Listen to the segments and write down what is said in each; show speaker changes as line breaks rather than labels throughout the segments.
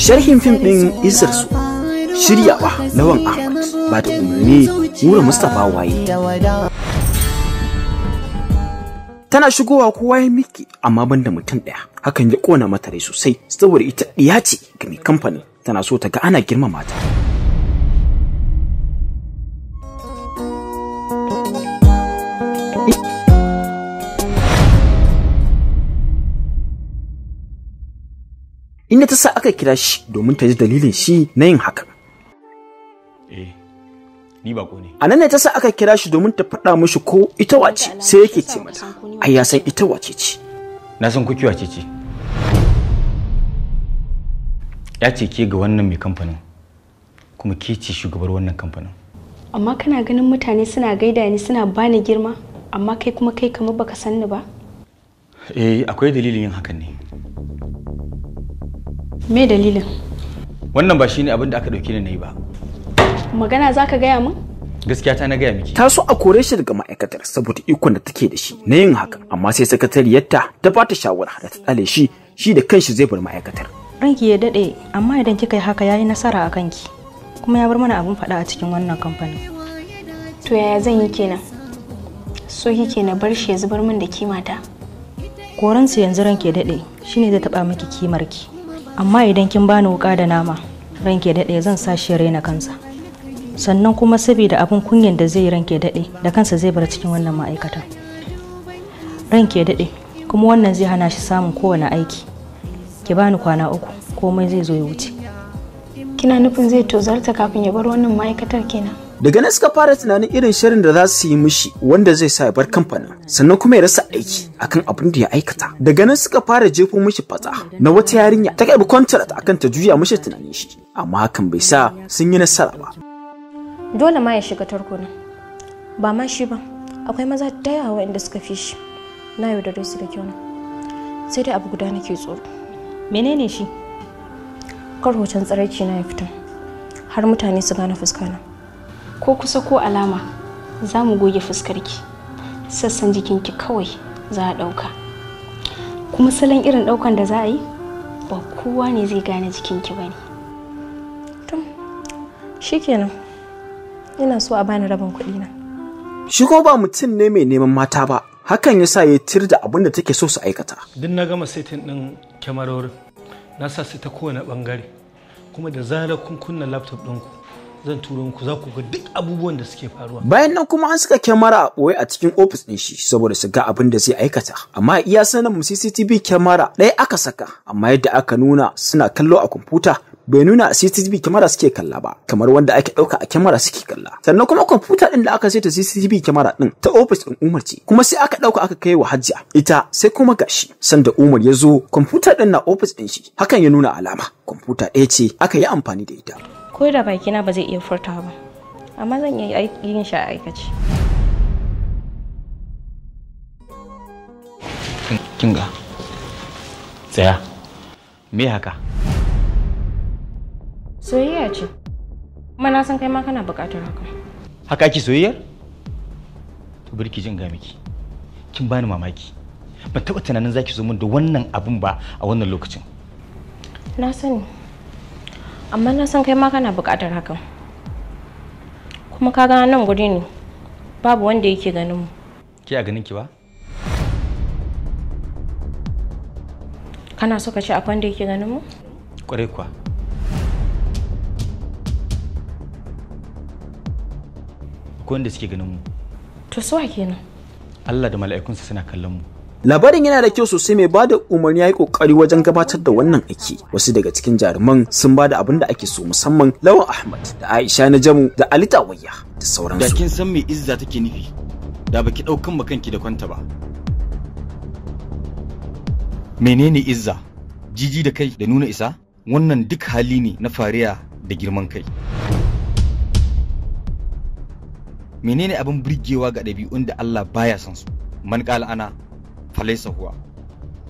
sharhin fim ɗin isar su shiryawa lawan ahmad ba da umarni wura mustapha waye tana shigowa kowa ya miki amma banda mutum ɗaya hakan ya ƙona mata rai sosai saboda ita ɗiya ce ga mai kamfanin tana so ta ga ana girmama ta inda ta sa aka kira shi domin ta ji dalilin shi na yin hakan.
Eh, ni bako
ne. A nan ne ta sa aka kira shi domin ta faɗa mushi ko ita wace sai yake ce mata, ai ya san ita wace ce. Na san kuki wace ce.
Ya ce ke ga wannan mai kamfanin, kuma ke ce shugabar wannan kamfanin.
Amma kana ganin mutane suna gaida ni suna bani girma, amma kai kuma kai kamar baka san ni ba?
Eh, akwai dalilin yin hakan ne. me dalilin wannan ba shine abin da aka dauke ni nayi ba
magana zaka gaya min
gaskiya ta na gaya
miki ta so a kore shi daga ma'aikatar saboda ikon da take da shi na yin haka amma sai sakatariyarta ta bata shawara da ta tsale shi shi da kanshi zai bar ma'aikatar
ranki ya dade amma idan kika yi haka yayi nasara a kanki kuma ya bar mana abin fada a cikin wannan kamfanin to yaya zan yi kenan so kike na bar shi ya zubar min da kimata koransu yanzu ranke daɗe shine zai taba miki ki. amma idan kin bani wuka da nama ranke daɗe zan sa shi raina kansa sannan kuma saboda abin kunyan da zai ranke daɗe da kansa zai bar cikin wannan ma'aikata ranke daɗe kuma wannan zai hana shi samun kowane aiki ki bani kwana uku komai zai zo ya wuce kina nufin zai tozarta kafin ya bar wannan ma'aikatar kenan
daga nan suka fara tunanin irin shirin da za su yi mishi wanda zai sa ya bar kamfanin sannan kuma ya rasa aiki akan abin da ya aikata daga nan suka fara jefo mishi fata na wata yarinya ta karbi contract akan ta juya mishi tunanin shi amma hakan bai sa sun yi nasara ba
dole ma ya shiga tarko tarkona ba ma shi ba akwai maza da yawa waɗanda suka fi shi na da su da kyau sai dai abu guda nake tsoro menene shi kar hoton tsaraici na ya fita har mutane su gane fuskana ko kusa ko alama za mu goge ki sassan jikinki kawai za a ɗauka kuma salon irin ɗaukan da za a yi ba kowa ne zai gane jikinki ba ne shikenan ina so a bani rabin kuɗi na
shi ko ba mutum ne mai neman mata ba hakan ya sa ya tir da abin da take so su aikata
duk na gama setin ɗin kyamarorin na sa su ta kowane ɓangare kuma da zarar kun kunna laptop ɗinku zan turo muku za ku ga duk abubuwan da suke faruwa.
Bayan nan kuma an saka kyamara a a cikin ofis ɗin shi saboda su ga abin da zai aikata. Amma iya sanin mu CCTV kyamara ɗaya aka saka amma yadda aka nuna suna kallo a kwamfuta bai nuna a CCTV kyamara suke kalla ba kamar wanda ake ɗauka a kyamara suke kalla. Sannan kuma kwamfuta ɗin da aka saita CCTV kyamara ɗin ta ofis ɗin Umar ce kuma sai aka ɗauka aka kai wa Hajiya ita sai kuma gashi sanda Umar ya zo kwamfuta ɗin na ofis ɗin shi hakan ya nuna alama kwamfuta ɗaya ce aka yi amfani da ita.
ko da bakina ba zai iya furta ba amma zan iya yin shi a aikace
kinga tsaya me haka
soyayya ce kuma na san kai ma kana buƙatar haka
haka ki soyayyar to birki jin ga miki kin bani mamaki ban taɓa tunanin zaki zo min da wannan abun ba a
wannan lokacin na sani amma na san kai ma kana buƙatar hakan kuma ka gana nan guri ne babu wanda yake ganin mu
ke a ganin ki ba
kana so ka ce akwai wanda yake ganin mu
kwarai kuwa akwai wanda suke ganin mu
to suwa kenan
Allah da mala'ikunsa suna kallon mu
Labarin yana da kyau sosai mai bada umarni ya yi kokari wajen gabatar da wannan aiki. Wasu daga cikin jaruman sun bada abin da ake so musamman Lawan Ahmad da Aisha Najamu da Ali Tawayya da sauransu. Da
kin san me Izza take nufi? Da baki daukan kanki da kwanta ba.
Menene Izza?
Jiji da kai da nuna isa? Wannan duk hali ne na fariya da girman kai. Menene abin burgewa ga ɗabi'un da Allah baya son su? Man ƙala ana falaisa huwa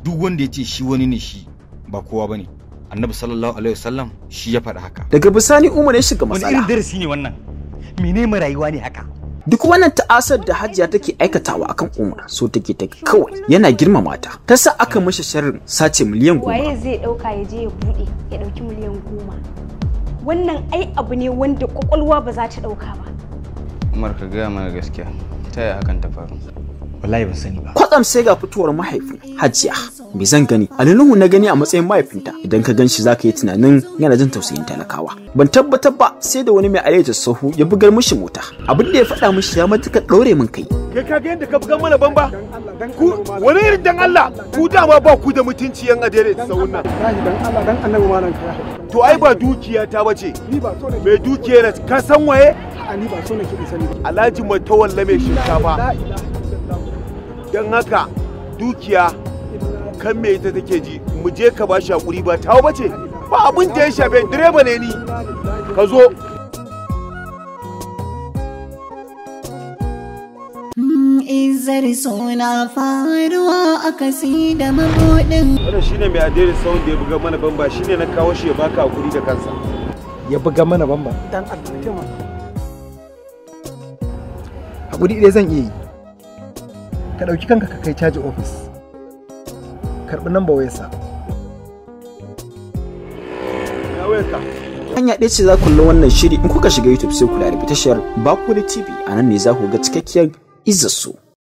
duk wanda ya ce shi wani ne shi ba kowa bane annabi sallallahu alaihi wasallam shi ya faɗi haka
daga bisani umar ya shiga matsala wani irin
darasi ne wannan
mene mu rayuwa ne haka duk wannan ta'asar da hajiya take aikatawa akan umar so take take kawai yana girmama ta ta sa aka mashi sharrin sace miliyan goma waye
zai dauka ya je ya bude ya dauki miliyan goma wannan ai abu ne wanda kwakwalwa ba za ta dauka ba umar ka gaya mana gaskiya ta yaya hakan ta faru
wallahi ba sani ba kwatsam sai ga fitowar mahaifin hajiya me zan gani alinuhu na gani a matsayin mahaifinta idan ka ganshi zaka yi tunanin yana jin tausayin talakawa ban tabbatar ba sai da wani mai alayyar sahu ya bugar mishi mota abin da ya faɗa mishi ya matuƙar ɗaure min kai kai ka ga yadda ka bugar mana ban ku wani irin dan Allah ku dama ba ku da mutunci yan adere sahun nan dan Allah dan annabi malam to ai ba dukiya ta bace mai dukiya ka san waye ni ba so nake sani alhaji matawalla mai shinkafa don haka dukiya kan me ita take ji mu je ka ba shi hakuri ba tawo bace ba abin da ya shafe direba ne ni ka zo izar suna faruwa a kasi da mabuɗin. Wannan shine mai
adirin sauran da ya buga mana bamba shine na kawo shi ya baka hakuri da kansa. Ya buga mana bamba. Dan
Abdulkima.
Hakuri dai zan iya yi. ka ɗauki kanka ka kai caji ofis karɓi namba wayarsa hanya ɗaya ce za ku wannan shiri in kuka shiga youtube sai ku larabi tashar bakwai tv a nan ne za ku ga cikakkiyar izarsu